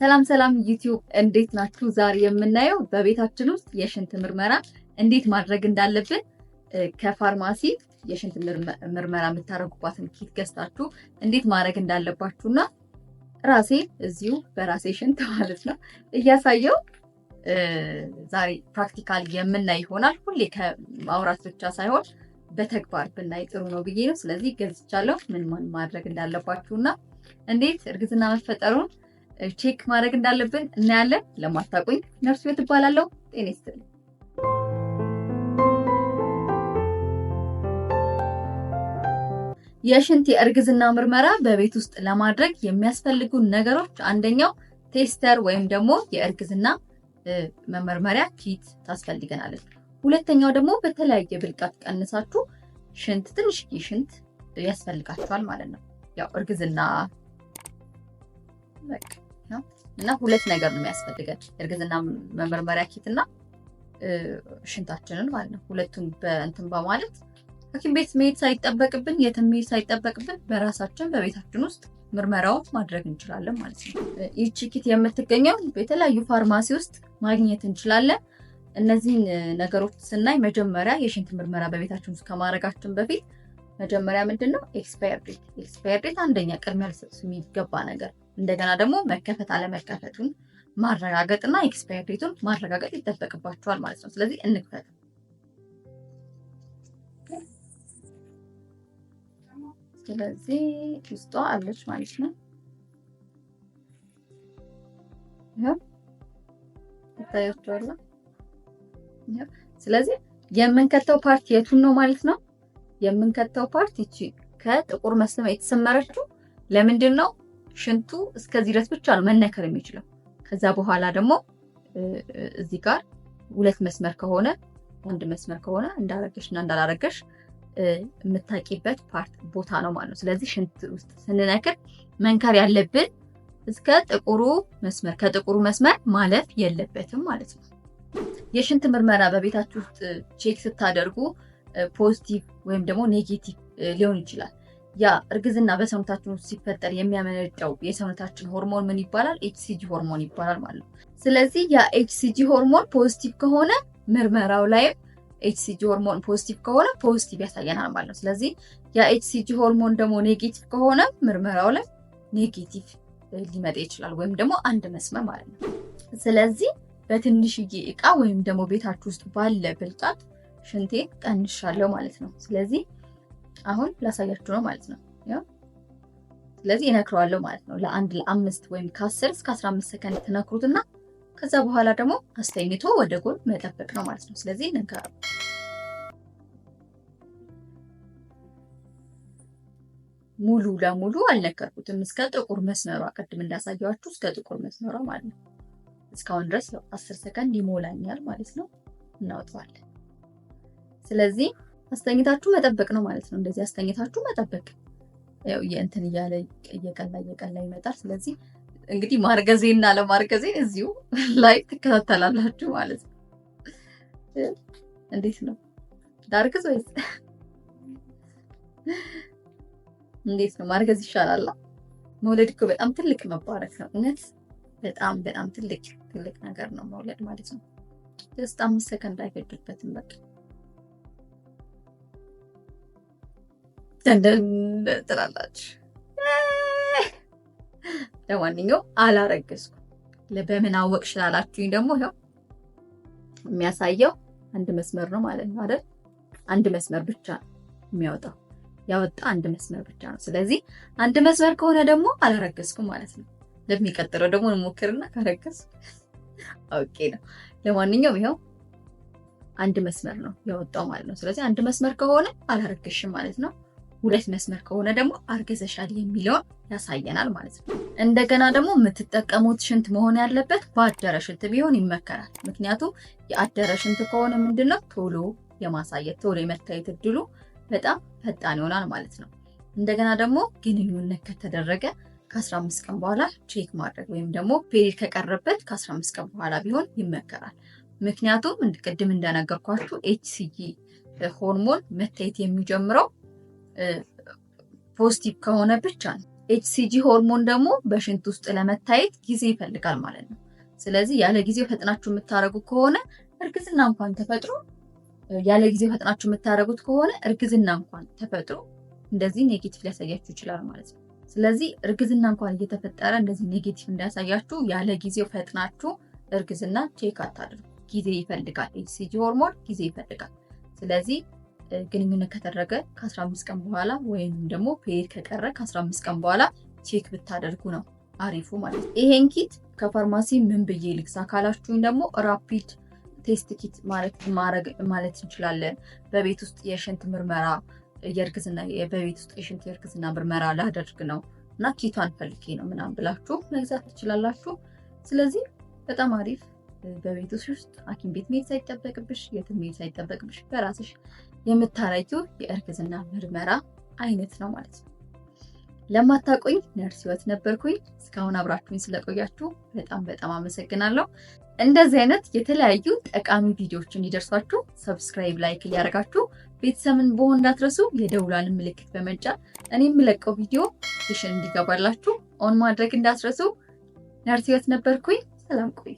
ሰላም ሰላም ዩቲዩብ እንዴት ናችሁ? ዛሬ የምናየው በቤታችን ውስጥ የሽንት ምርመራ እንዴት ማድረግ እንዳለብን ከፋርማሲ የሽንት ምርመራ የምታደርጉባትን ኪት ገዝታችሁ እንዴት ማድረግ እንዳለባችሁና ራሴ እዚሁ በራሴ ሽንት ማለት ነው እያሳየው ዛሬ ፕራክቲካል የምናይ ይሆናል። ሁሌ ከማውራት ብቻ ሳይሆን በተግባር ብናይ ጥሩ ነው ብዬ ነው። ስለዚህ ገዝቻለሁ። ምን ማድረግ እንዳለባችሁና እንዴት እርግዝና መፈጠሩን ቼክ ማድረግ እንዳለብን እናያለን። ለማታቆኝ ነርሱ ቤት እባላለሁ። ጤና ይስጥልኝ። የሽንት የእርግዝና ምርመራ በቤት ውስጥ ለማድረግ የሚያስፈልጉ ነገሮች አንደኛው ቴስተር ወይም ደግሞ የእርግዝና መመርመሪያ ኪት ታስፈልገናለች። ሁለተኛው ደግሞ በተለያየ ብልቃት ቀንሳችሁ ሽንት ትንሽ ሽንት ያስፈልጋችኋል ማለት ነው። ያው እርግዝና ነው እና ሁለት ነገር ነው የሚያስፈልገን እርግዝና መመርመሪያ ኪት እና ሽንታችንን ማለት ነው። ሁለቱን በእንትን በማለት ሐኪም ቤት መሄድ ሳይጠበቅብን የትም መሄድ ሳይጠበቅብን በራሳችን በቤታችን ውስጥ ምርመራው ማድረግ እንችላለን ማለት ነው። ይቺ ኪት የምትገኘው የተለያዩ ፋርማሲ ውስጥ ማግኘት እንችላለን። እነዚህን ነገሮች ስናይ መጀመሪያ የሽንት ምርመራ በቤታችን ውስጥ ከማድረጋችን በፊት መጀመሪያ ምንድን ነው ኤክስፓየር ዴት ኤክስፓየር ዴት አንደኛ ቅድሚያ ሊሰጥ የሚገባ ነገር እንደገና ደግሞ መከፈት አለመከፈቱን እና ኤክስፓየር ዴቱን ማረጋገጥ ይጠበቅባቸዋል ማለት ነው። ስለዚህ እንክፈት። ስለዚህ ውስጧ አለች ማለት ነው። ይታያቸዋል። ስለዚህ የምንከተው ፓርት የቱን ነው ማለት ነው? የምንከተው ፓርት ይቺ ከጥቁር መስመር የተሰመረችው ለምንድን ነው? ሽንቱ እስከዚህ ድረስ ብቻ ነው መነከር የሚችለው። ከዛ በኋላ ደግሞ እዚህ ጋር ሁለት መስመር ከሆነ አንድ መስመር ከሆነ እንዳረገሽ እና እንዳላረገሽ የምታቂበት ፓርት ቦታ ነው ማለት ነው። ስለዚህ ሽንት ውስጥ ስንነክር መንከር ያለብን እስከ ጥቁሩ መስመር፣ ከጥቁሩ መስመር ማለፍ የለበትም ማለት ነው። የሽንት ምርመራ በቤታችሁ ውስጥ ቼክ ስታደርጉ ፖዚቲቭ ወይም ደግሞ ኔጌቲቭ ሊሆን ይችላል። ያ እርግዝና በሰውነታችን ውስጥ ሲፈጠር የሚያመነጨው የሰውነታችን ሆርሞን ምን ይባላል? ኤችሲጂ ሆርሞን ይባላል ማለት ነው። ስለዚህ ያ ኤችሲጂ ሆርሞን ፖዚቲቭ ከሆነ ምርመራው ላይም ኤችሲጂ ሆርሞን ፖዚቲቭ ከሆነ ፖዚቲቭ ያሳየናል ማለት ነው። ስለዚህ ያ ኤችሲጂ ሆርሞን ደግሞ ኔጌቲቭ ከሆነ ምርመራው ላይ ኔጌቲቭ ሊመጣ ይችላል፣ ወይም ደግሞ አንድ መስመር ማለት ነው። ስለዚህ በትንሽዬ እቃ ወይም ደግሞ ቤታችሁ ውስጥ ባለ ብልጣት ሽንቴን ቀንሻለሁ ማለት ነው። ስለዚህ አሁን ላሳያችሁ ነው ማለት ነው። ስለዚህ እነክረዋለሁ ማለት ነው። ለአንድ ለአምስት ወይም ከአስር እስከ አስራ አምስት ሰከንድ ትነክሩትና ከዛ በኋላ ደግሞ አስተኝቶ ወደ ጎን መጠበቅ ነው ማለት ነው። ስለዚህ ነካ ሙሉ ለሙሉ አልነከርኩትም እስከ ጥቁር መስመሯ ቅድም እንዳሳየዋችሁ እስከ ጥቁር መስመሯ ማለት ነው። እስካሁን ድረስ አስር ሰከንድ ይሞላኛል ማለት ነው። እናወጣዋለን። ስለዚህ አስተኝታችሁ መጠበቅ ነው ማለት ነው። እንደዚህ አስተኝታችሁ መጠበቅ ያው የእንትን እያለ እየቀላ እየቀላ ይመጣል። ስለዚህ እንግዲህ እና ለማርገዜን እዚሁ ላይ ትከታተላላችሁ ማለት ነው። እንዴት ነው ዳርግዝ ወይስ እንዴት ነው? ማርገዝ ይሻላል። መውለድ እኮ በጣም ትልቅ መባረክ ነው። እውነት በጣም በጣም ትልቅ ትልቅ ነገር ነው መውለድ ማለት ነው። ደስታ አምስት ሰከንድ አይፈጅበትም በቃ ትላላችሁ። ለማንኛው አላረገዝኩም። በምን አወቅሽ ላላችሁኝ ደግሞ ይኸው የሚያሳየው አንድ መስመር ነው ማለት ነው አይደል? አንድ መስመር ብቻ ነው የሚያወጣው ያወጣ አንድ መስመር ብቻ ነው። ስለዚህ አንድ መስመር ከሆነ ደግሞ አላረገዝኩም ማለት ነው። ለሚቀጥለው ደግሞ እንሞክርና ካረገዝኩ አውቄ ነው። ለማንኛውም ይኸው አንድ መስመር ነው ያወጣው ማለት ነው። ስለዚህ አንድ መስመር ከሆነ አላረገሽም ማለት ነው። ሁለት መስመር ከሆነ ደግሞ አርገዘሻል የሚለውን ያሳየናል ማለት ነው። እንደገና ደግሞ የምትጠቀሙት ሽንት መሆን ያለበት በአደረ ሽንት ቢሆን ይመከራል። ምክንያቱም የአደረ ሽንት ከሆነ ምንድነው ቶሎ የማሳየት ቶሎ የመታየት እድሉ በጣም ፈጣን ይሆናል ማለት ነው። እንደገና ደግሞ ግንኙነት ከተደረገ ከ15 ቀን በኋላ ቼክ ማድረግ ወይም ደግሞ ፔሪድ ከቀረበት ከ15 ቀን በኋላ ቢሆን ይመከራል። ምክንያቱም ቅድም እንደነገርኳችሁ ኤችሲጂ ሆርሞን መታየት የሚጀምረው ፖስቲቭ ከሆነ ብቻ ነው። ኤችሲጂ ሆርሞን ደግሞ በሽንት ውስጥ ለመታየት ጊዜ ይፈልጋል ማለት ነው። ስለዚህ ያለ ጊዜ ፈጥናችሁ የምታደረጉ ከሆነ እርግዝና እንኳን ተፈጥሮ ያለ ጊዜ ፈጥናችሁ የምታደርጉት ከሆነ እርግዝና እንኳን ተፈጥሮ እንደዚህ ኔጌቲቭ ሊያሳያችሁ ይችላል ማለት ነው። ስለዚህ እርግዝና እንኳን እየተፈጠረ እንደዚህ ኔጌቲቭ እንዳያሳያችሁ ያለ ጊዜው ፈጥናችሁ እርግዝና ቼክ አታድርጉ። ጊዜ ይፈልጋል። ኤችሲጂ ሆርሞን ጊዜ ይፈልጋል። ስለዚህ ግንኙነት ከተደረገ ከ15 ቀን በኋላ ወይም ደግሞ ፔሪድ ከቀረ ከ15 ቀን በኋላ ቼክ ብታደርጉ ነው አሪፉ ማለት ነው። ይሄን ኪት ከፋርማሲ ምን ብዬ ልግዛ ካላችሁኝ ደግሞ ራፒድ ቴስት ኪት ማለት እንችላለን። በቤት ውስጥ የሽንት ምርመራ የእርግዝና በቤት ውስጥ የሽንት የእርግዝና ምርመራ ላደርግ ነው እና ኪቷን ፈልጌ ነው ምናምን ብላችሁ መግዛት ትችላላችሁ። ስለዚህ በጣም አሪፍ በቤትሽ ውስጥ ሐኪም ቤት መሄድ ሳይጠበቅብሽ የትም መሄድ ሳይጠበቅብሽ በራስሽ የምታረጊው የእርግዝና ምርመራ አይነት ነው ማለት ነው። ለማታቆኝ ነርስ ህይወት ነበርኩኝ። እስካሁን አብራችሁኝ ስለቆያችሁ በጣም በጣም አመሰግናለሁ። እንደዚህ አይነት የተለያዩ ጠቃሚ ቪዲዮዎች እንዲደርሷችሁ ሰብስክራይብ፣ ላይክ እያደረጋችሁ ቤተሰብን በሆን እንዳትረሱ የደውላን ምልክት በመጫን እኔ የምለቀው ቪዲዮ ሽን እንዲገባላችሁ ኦን ማድረግ እንዳትረሱ። ነርስ ህይወት ነበርኩኝ። ሰላም ቆይ